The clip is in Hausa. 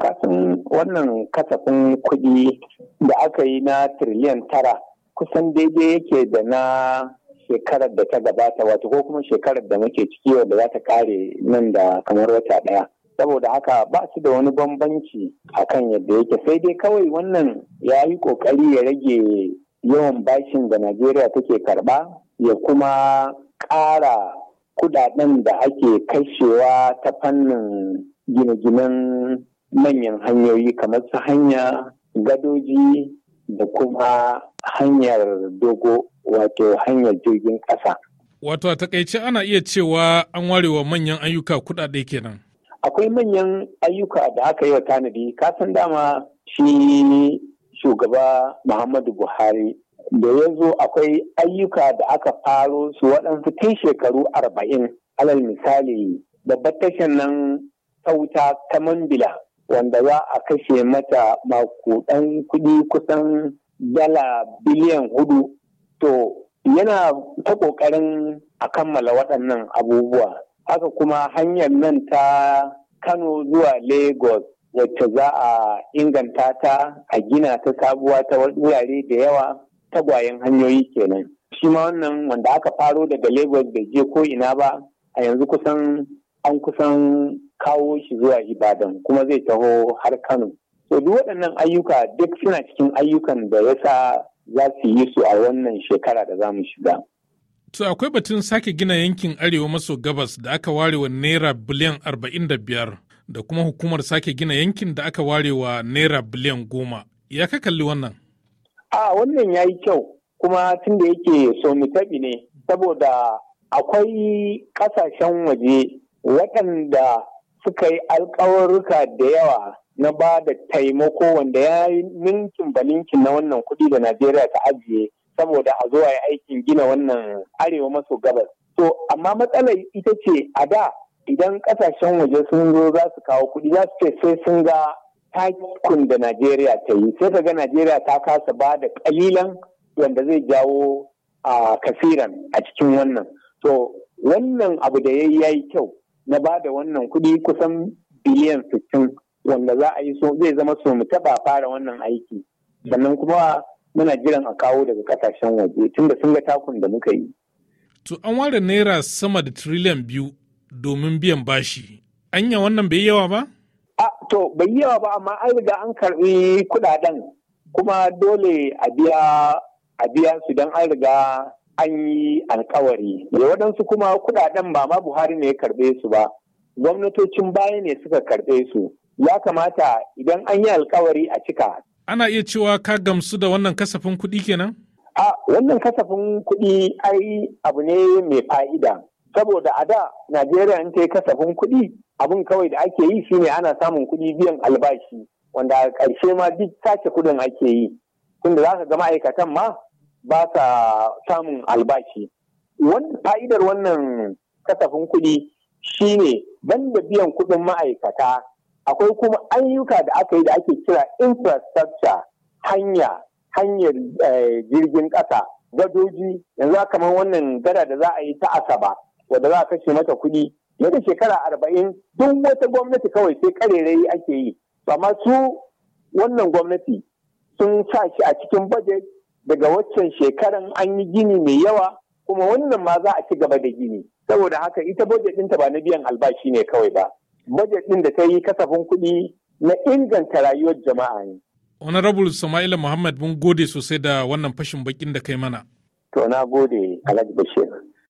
kasan wannan kasafin kuɗi da aka yi na tiriliyan tara kusan daidai yake da na shekarar da ta gabata wato ko kuma shekarar da muke ciki wadda za ta kare nan da kamar wata ɗaya. saboda haka ba su da wani bambanci a kan yadda yake sai dai kawai wannan ya yi ƙoƙari ya rage yawan bashin da najeriya take karɓa ya kuma ƙara kudaden da ake kashewa ta fannin gine-ginen manyan hanyoyi kamar su hanya gadoji da kuma hanyar dogo wato hanyar jirgin ƙasa. Wato a takaice ana iya cewa an ware wa manyan ayyuka kuɗaɗe kenan. Akwai manyan ayyuka da aka yi wa tanadi kasan dama shi shugaba Muhammadu Buhari da ya zo akwai ayyuka da aka faro su waɗansu tun shekaru arba'in alal misali babbar tashar nan sauta ta mambila wanda za a kashe mata makudan kuɗi kusan dala biliyan hudu to yana ta ƙoƙarin a kammala waɗannan abubuwa haka kuma hanyar nan ta kano zuwa lagos wacce za a inganta ta a gina ta sabuwa ta wurare da yawa tagwayen hanyoyi kenan shi ma wannan wanda aka faro daga lagos bai je ko ina ba a yanzu kusan an kusan kawo shi zuwa ibadan kuma zai taho har kano so duk waɗannan ayyuka duk suna cikin ayyukan da ya sa za su yi su a wannan shekara da za mu shiga to akwai batun sake gina yankin arewa maso gabas da aka ware wa naira biliyan arba'in da biyar da kuma hukumar sake gina yankin da aka ware wa naira biliyan goma ya ka kalli wannan a wannan ya yi kyau kuma tun da yake so ne saboda akwai ƙasashen waje waɗanda suka yi alkawarruka da yawa na ba da taimako wanda ya yi ninkin ba ninkin na wannan kuɗi da Najeriya ta ajiye saboda a zuwa aikin gina wannan arewa maso gabas. To, amma matsalar ita ce a da idan ƙasashen waje sun zo za su kawo kuɗi za su ce sai sun ga takun da Najeriya ta yi. Sai ka ga Najeriya ta kasa ba da ƙalilan wanda zai jawo a kasiran a cikin wannan. To, wannan abu da ya yi kyau. na ba da wannan kuɗi kusan biliyan sittin wanda za a yi so zai zama so mu taɓa fara wannan aiki sannan kuma muna jiran a kawo daga ƙasashen waje tun da sun ga takun da muka yi. To an ware naira sama da tiriliyan biyu domin biyan bashi. Anya wannan bai yawa ba? A to bai yawa ba amma an riga an karɓi kuɗaɗen, kuma dole a biya su don an riga an yi alkawari da waɗansu kuma kuɗaɗen ba ma buhari ne ya karɓe su ba gwamnatocin baya ne suka karɓe su ya kamata idan an yi alkawari a cika ana iya cewa ka gamsu da wannan kasafin kuɗi kenan a wannan kasafin kuɗi ai abu ne mai fa'ida saboda a da najeriya in ta yi kasafin kuɗi abin kawai da ake yi shine ana samun kuɗi biyan albashi wanda a ƙarshe ma duk sace kuɗin ake yi tunda za ka ga ma'aikatan ma ba sa samun albashi fa'idar wannan kasafin kuɗi shine banda biyan kuɗin ma'aikata akwai kuma ayyuka da aka yi da ake kira infrastructure hanya hanyar eh, jirgin ƙasa gadoji yanzu kamar wannan gada da za a yi ta asaba wadda za a kashe mata kuɗi yadda shekara arba'in duk wata gwamnati kawai sai karerai ake yi amma su wannan gwamnati sun sa shi a cikin budget daga waccan shekaran an yi gini mai yawa kuma wannan ma za a ci gaba da gini saboda haka ita bajetinta ɗinta ba na biyan albashi ne kawai ba Bajet ɗin da ta yi kasafin kuɗi na inganta rayuwar jama'a ne. honorable sama'ila muhammad mun gode sosai da wannan fashin bakin da kai mana. to na gode alhaji bashir.